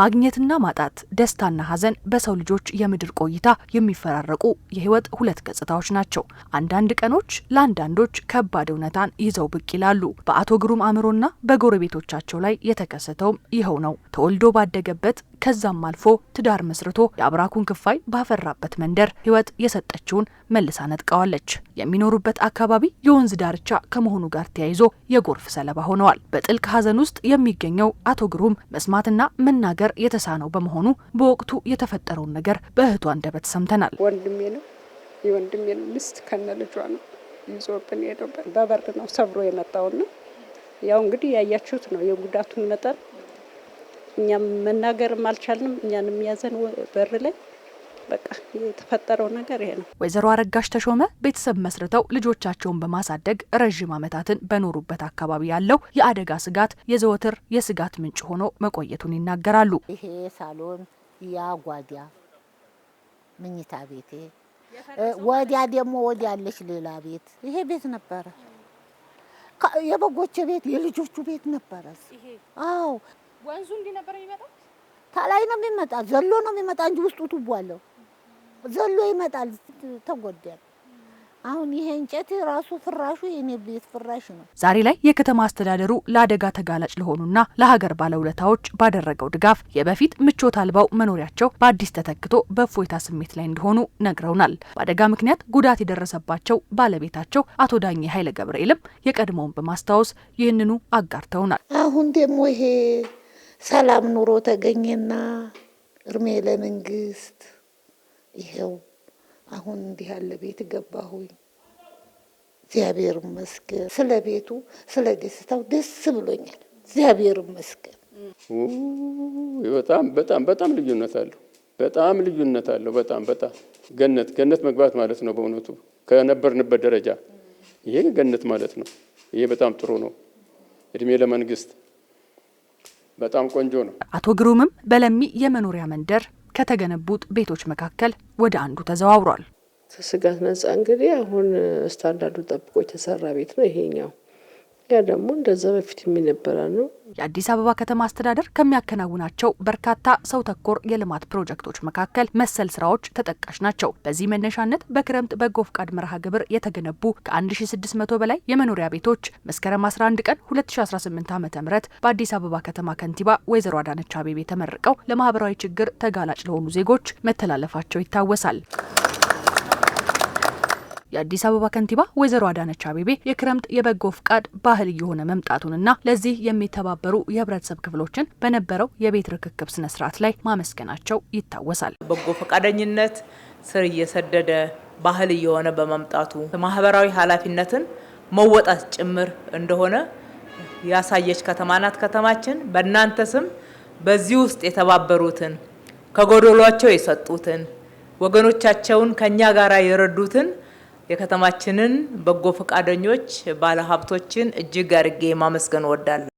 ማግኘትና ማጣት፣ ደስታና ሐዘን በሰው ልጆች የምድር ቆይታ የሚፈራረቁ የህይወት ሁለት ገጽታዎች ናቸው። አንዳንድ ቀኖች ለአንዳንዶች ከባድ እውነታን ይዘው ብቅ ይላሉ። በአቶ ግሩም አእምሮና በጎረቤቶቻቸው ላይ የተከሰተውም ይኸው ነው። ተወልዶ ባደገበት ከዛም አልፎ ትዳር መስርቶ የአብራኩን ክፋይ ባፈራበት መንደር ህይወት የሰጠችውን መልሳ ነጥቀዋለች። የሚኖሩበት አካባቢ የወንዝ ዳርቻ ከመሆኑ ጋር ተያይዞ የጎርፍ ሰለባ ሆነዋል። በጥልቅ ሐዘን ውስጥ የሚገኘው አቶ ግሩም መስማትና መናገር የተሳነው በመሆኑ በወቅቱ የተፈጠረውን ነገር በእህቱ አንደበት ሰምተናል። ወንድሜ ነው የወንድሜ ሚስት ከነ ልጇ ነው ይዞብን ሄደው በበር ነው ሰብሮ የመጣውና ያው እንግዲህ ያያችሁት ነው የጉዳቱን መጠን እኛም መናገርም አልቻልንም። እኛንም ያዘን በር ላይ በቃ የተፈጠረው ነገር ይሄ ነው። ወይዘሮ አረጋሽ ተሾመ ቤተሰብ መስርተው ልጆቻቸውን በማሳደግ ረዥም ዓመታትን በኖሩበት አካባቢ ያለው የአደጋ ስጋት የዘወትር የስጋት ምንጭ ሆኖ መቆየቱን ይናገራሉ። ይሄ ሳሎን፣ ያ ምኝታ ቤቴ፣ ወዲያ ደግሞ ወዲያ ያለች ሌላ ቤት፣ ይሄ ቤት ነበረ የበጎች ቤት፣ የልጆቹ ቤት ነበረ። አዎ ወንዙ እንዲህ ነበር የሚመጣው። ታላይ ነው የሚመጣ ዘሎ ነው የሚመጣ እንጂ ውስጡ ቱቦ አለው። ዘሎ ይመጣል። ተጎዳል። አሁን ይሄ እንጨት ራሱ ፍራሹ የኔ ቤት ፍራሽ ነው። ዛሬ ላይ የከተማ አስተዳደሩ ለአደጋ ተጋላጭ ለሆኑና ለሀገር ባለውለታዎች ባደረገው ድጋፍ የበፊት ምቾት አልባው መኖሪያቸው በአዲስ ተተክቶ በእፎይታ ስሜት ላይ እንደሆኑ ነግረውናል። በአደጋ ምክንያት ጉዳት የደረሰባቸው ባለቤታቸው አቶ ዳኜ ኃይለ ገብርኤልም የቀድሞውን በማስታወስ ይህንኑ አጋርተውናል። አሁን ደግሞ ይሄ ሰላም ኑሮ ተገኘና እርሜ ለመንግስት ይኸው አሁን እንዲህ ያለ ቤት ገባሁኝ። እግዚአብሔር ይመስገን። ስለ ቤቱ ስለ ደስታው ደስ ብሎኛል። እግዚአብሔር ይመስገን። በጣም በጣም በጣም ልዩነት አለው። በጣም ልዩነት አለው። በጣም በጣም ገነት ገነት መግባት ማለት ነው በእውነቱ ከነበርንበት ደረጃ ይሄ ገነት ማለት ነው። ይሄ በጣም ጥሩ ነው። እድሜ ለመንግስት በጣም ቆንጆ ነው። አቶ ግሩምም በለሚ የመኖሪያ መንደር ከተገነቡት ቤቶች መካከል ወደ አንዱ ተዘዋውሯል። ከስጋት ነጻ እንግዲህ አሁን ስታንዳርዱ ጠብቆ የተሰራ ቤት ነው ይሄኛው ያ ደግሞ እንደዛ በፊት የሚነበረ ነው። የአዲስ አበባ ከተማ አስተዳደር ከሚያከናውናቸው በርካታ ሰው ተኮር የልማት ፕሮጀክቶች መካከል መሰል ስራዎች ተጠቃሽ ናቸው። በዚህ መነሻነት በክረምት በጎ ፍቃድ መርሃ ግብር የተገነቡ ከ1600 በላይ የመኖሪያ ቤቶች መስከረም 11 ቀን 2018 ዓ ም በአዲስ አበባ ከተማ ከንቲባ ወይዘሮ አዳነች አቤቤ ተመርቀው ለማህበራዊ ችግር ተጋላጭ ለሆኑ ዜጎች መተላለፋቸው ይታወሳል። የአዲስ አበባ ከንቲባ ወይዘሮ አዳነች አቤቤ የክረምት የበጎ ፍቃድ ባህል እየሆነ መምጣቱንና ለዚህ የሚተባበሩ የህብረተሰብ ክፍሎችን በነበረው የቤት ርክክብ ስነስርዓት ላይ ማመስገናቸው ይታወሳል። በጎ ፈቃደኝነት ስር እየሰደደ ባህል እየሆነ በመምጣቱ ማህበራዊ ኃላፊነትን መወጣት ጭምር እንደሆነ ያሳየች ከተማ ናት። ከተማችን በእናንተ ስም በዚህ ውስጥ የተባበሩትን ከጎደሏቸው የሰጡትን ወገኖቻቸውን ከኛ ጋር የረዱትን የከተማችንን በጎ ፈቃደኞች ባለሀብቶችን እጅግ አድርጌ ማመስገን እወዳለሁ።